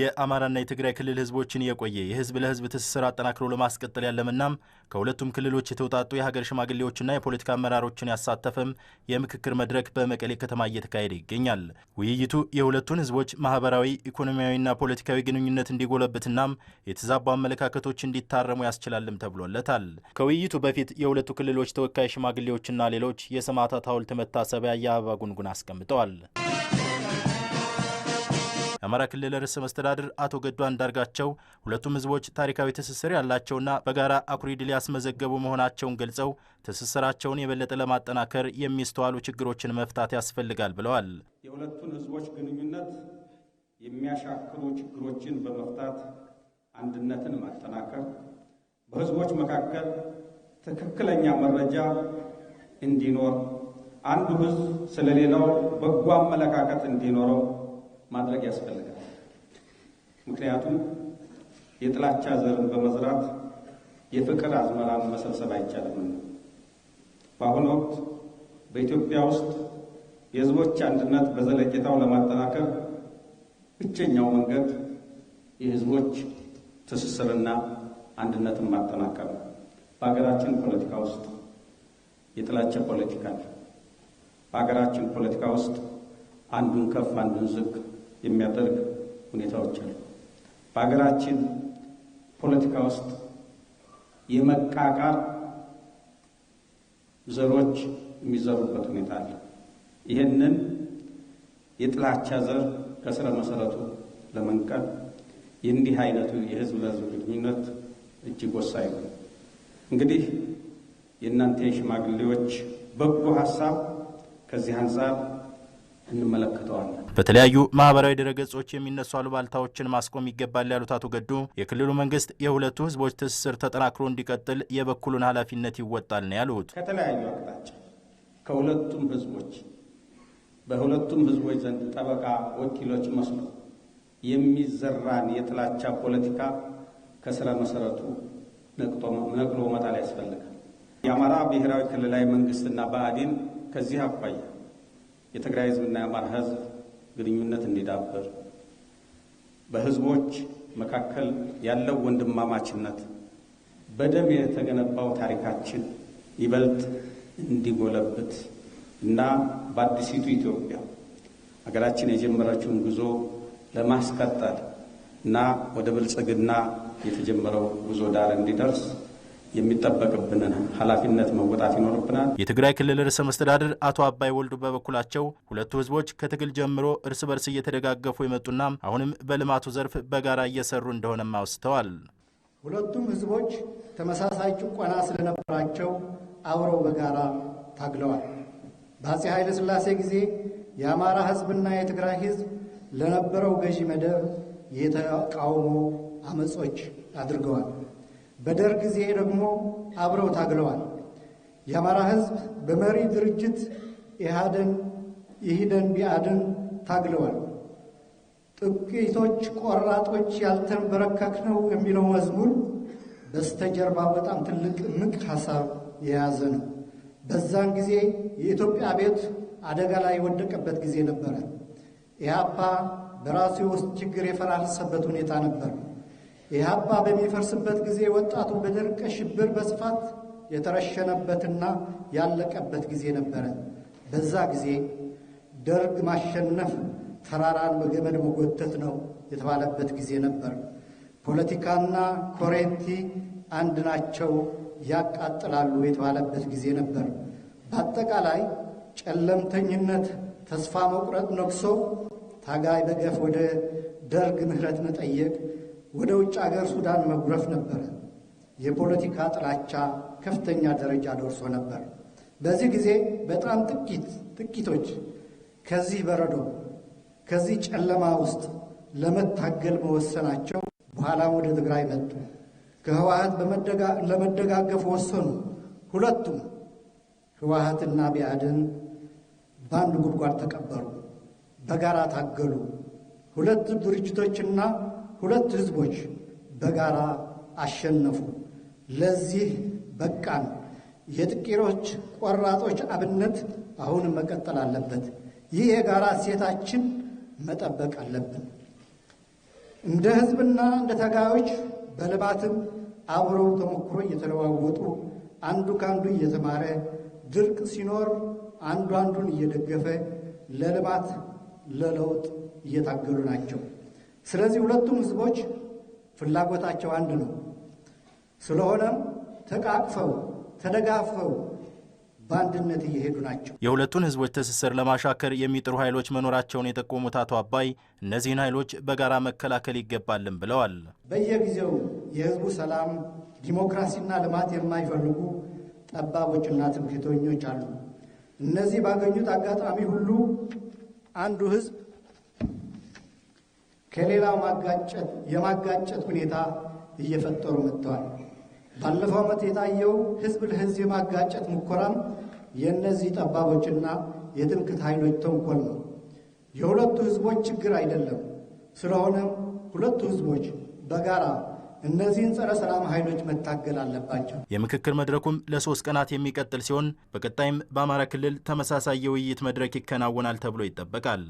የአማራና የትግራይ ክልል ህዝቦችን የቆየ የህዝብ ለህዝብ ትስስር አጠናክሮ ለማስቀጠል ያለምናም ከሁለቱም ክልሎች የተውጣጡ የሀገር ሽማግሌዎችና የፖለቲካ አመራሮችን ያሳተፈም የምክክር መድረክ በመቀሌ ከተማ እየተካሄደ ይገኛል። ውይይቱ የሁለቱን ህዝቦች ማህበራዊ፣ ኢኮኖሚያዊና ፖለቲካዊ ግንኙነት እንዲጎለብትናም የተዛቡ አመለካከቶች እንዲታረሙ ያስችላልም ተብሎለታል። ከውይይቱ በፊት የሁለቱ ክልሎች ተወካይ ሽማግሌዎችና ሌሎች የሰማዕታት ሐውልት መታሰቢያ የአበባ ጉንጉን አስቀምጠዋል። የአማራ ክልል ርዕሰ መስተዳድር አቶ ገዱ አንዳርጋቸው ሁለቱም ህዝቦች ታሪካዊ ትስስር ያላቸውና በጋራ አኩሪ ድል ያስመዘገቡ መሆናቸውን ገልጸው ትስስራቸውን የበለጠ ለማጠናከር የሚስተዋሉ ችግሮችን መፍታት ያስፈልጋል ብለዋል። የሁለቱን ህዝቦች ግንኙነት የሚያሻክሩ ችግሮችን በመፍታት አንድነትን ማጠናከር፣ በህዝቦች መካከል ትክክለኛ መረጃ እንዲኖር አንዱ ህዝብ ስለሌላው በጎ አመለካከት እንዲኖረው ማድረግ ያስፈልጋል። ምክንያቱም የጥላቻ ዘርን በመዝራት የፍቅር አዝመራን መሰብሰብ አይቻልም። በአሁኑ ወቅት በኢትዮጵያ ውስጥ የሕዝቦች አንድነት በዘለቄታው ለማጠናከር ብቸኛው መንገድ የሕዝቦች ትስስርና አንድነትን ማጠናከር ነው። በሀገራችን ፖለቲካ ውስጥ የጥላቻ ፖለቲካ በሀገራችን ፖለቲካ ውስጥ አንዱን ከፍ አንዱን ዝቅ የሚያደርግ ሁኔታዎች አሉ። በሀገራችን ፖለቲካ ውስጥ የመቃቃር ዘሮች የሚዘሩበት ሁኔታ አለ። ይህንን የጥላቻ ዘር ከስረ መሰረቱ ለመንቀል የእንዲህ አይነቱ የህዝብ ለህዝብ ግንኙነት እጅግ ወሳኝ ነው። እንግዲህ የእናንተ የሽማግሌዎች በጎ ሀሳብ ከዚህ አንጻር እንመለከተዋለን። በተለያዩ ማህበራዊ ድረገጾች የሚነሱ አሉባልታዎችን ማስቆም ይገባል ያሉት አቶ ገዱ የክልሉ መንግስት የሁለቱ ህዝቦች ትስስር ተጠናክሮ እንዲቀጥል የበኩሉን ኃላፊነት ይወጣል ነው ያሉት። ከተለያዩ አቅጣጫ ከሁለቱም ህዝቦች በሁለቱም ህዝቦች ዘንድ ጠበቃ ወኪሎች መስሎ የሚዘራን የጥላቻ ፖለቲካ ከስረ መሰረቱ ነቅሎ መጣል ያስፈልጋል። የአማራ ብሔራዊ ክልላዊ መንግስትና ብአዴን ከዚህ አኳያ የትግራይ ህዝብና የአማራ ህዝብ ግንኙነት እንዲዳብር በህዝቦች መካከል ያለው ወንድማማችነት በደም የተገነባው ታሪካችን ይበልጥ እንዲጎለብት እና በአዲሲቱ ኢትዮጵያ ሀገራችን የጀመረችውን ጉዞ ለማስቀጠል እና ወደ ብልጽግና የተጀመረው ጉዞ ዳር እንዲደርስ የሚጠበቅብንን ኃላፊነት መወጣት ይኖርብናል። የትግራይ ክልል ርዕሰ መስተዳድር አቶ አባይ ወልዱ በበኩላቸው ሁለቱ ህዝቦች ከትግል ጀምሮ እርስ በርስ እየተደጋገፉ የመጡና አሁንም በልማቱ ዘርፍ በጋራ እየሰሩ እንደሆነም አውስተዋል። ሁለቱም ህዝቦች ተመሳሳይ ጭቆና ስለነበራቸው አብረው በጋራ ታግለዋል። በአጼ ኃይለ ስላሴ ጊዜ የአማራ ህዝብና የትግራይ ህዝብ ለነበረው ገዢ መደብ የተቃውሞ አመጾች አድርገዋል። በደርግ ጊዜ ደግሞ አብረው ታግለዋል። የአማራ ሕዝብ በመሪ ድርጅት ኢህአደን ይሂደን ቢአድን ታግለዋል። ጥቂቶች ቆራጦች ነው የሚለው መዝሙር በስተጀርባ በጣም ትልቅ እምቅ ሀሳብ የያዘ ነው። በዛን ጊዜ የኢትዮጵያ ቤት አደጋ ላይ የወደቀበት ጊዜ ነበረ። ኢህአፓ በራሱ የውስጥ ችግር የፈራረሰበት ሁኔታ ነበር። ኢህአፓ በሚፈርስበት ጊዜ ወጣቱ በደርቀ ሽብር በስፋት የተረሸነበትና ያለቀበት ጊዜ ነበረ። በዛ ጊዜ ደርግ ማሸነፍ ተራራን በገመድ መጎተት ነው የተባለበት ጊዜ ነበር። ፖለቲካና ኮሬንቲ አንድ ናቸው፣ ያቃጥላሉ የተባለበት ጊዜ ነበር። በአጠቃላይ ጨለምተኝነት፣ ተስፋ መቁረጥ ነግሶ ታጋይ በገፍ ወደ ደርግ ምህረት መጠየቅ ወደ ውጭ አገር ሱዳን መጉረፍ ነበረ። የፖለቲካ ጥላቻ ከፍተኛ ደረጃ ደርሶ ነበር። በዚህ ጊዜ በጣም ጥቂት ጥቂቶች ከዚህ በረዶ ከዚህ ጨለማ ውስጥ ለመታገል መወሰናቸው በኋላ ወደ ትግራይ መጡ። ከህወሀት ለመደጋገፍ ወሰኑ። ሁለቱም ህወሀትና ቢያድን በአንድ ጉድጓድ ተቀበሩ፣ በጋራ ታገሉ። ሁለቱ ድርጅቶችና ሁለት ህዝቦች በጋራ አሸነፉ። ለዚህ በቃን። የጥቂሮች ቆራጦች አብነት አሁንም መቀጠል አለበት። ይህ የጋራ እሴታችን መጠበቅ አለብን። እንደ ህዝብና እንደ ታጋዮች በልማትም አብረው ተሞክሮ እየተለዋወጡ አንዱ ከአንዱ እየተማረ ድርቅ ሲኖር አንዱ አንዱን እየደገፈ ለልማት ለለውጥ እየታገሉ ናቸው። ስለዚህ ሁለቱም ህዝቦች ፍላጎታቸው አንድ ነው። ስለሆነም ተቃቅፈው ተደጋፈው በአንድነት እየሄዱ ናቸው። የሁለቱን ህዝቦች ትስስር ለማሻከር የሚጥሩ ኃይሎች መኖራቸውን የጠቆሙት አቶ አባይ እነዚህን ኃይሎች በጋራ መከላከል ይገባልን ብለዋል። በየጊዜው የህዝቡ ሰላም፣ ዲሞክራሲና ልማት የማይፈልጉ ጠባቦችና ትምክህተኞች አሉ። እነዚህ ባገኙት አጋጣሚ ሁሉ አንዱ ህዝብ ከሌላው ማጋጨት የማጋጨት ሁኔታ እየፈጠሩ መጥተዋል። ባለፈው ዓመት የታየው ህዝብ ለህዝብ የማጋጨት ሙከራም የእነዚህ ጠባቦችና የትምክህት ኃይሎች ተንኮል ነው። የሁለቱ ህዝቦች ችግር አይደለም። ስለሆነም ሁለቱ ህዝቦች በጋራ እነዚህን ጸረ ሰላም ኃይሎች መታገል አለባቸው። የምክክር መድረኩም ለሶስት ቀናት የሚቀጥል ሲሆን በቀጣይም በአማራ ክልል ተመሳሳይ የውይይት መድረክ ይከናወናል ተብሎ ይጠበቃል።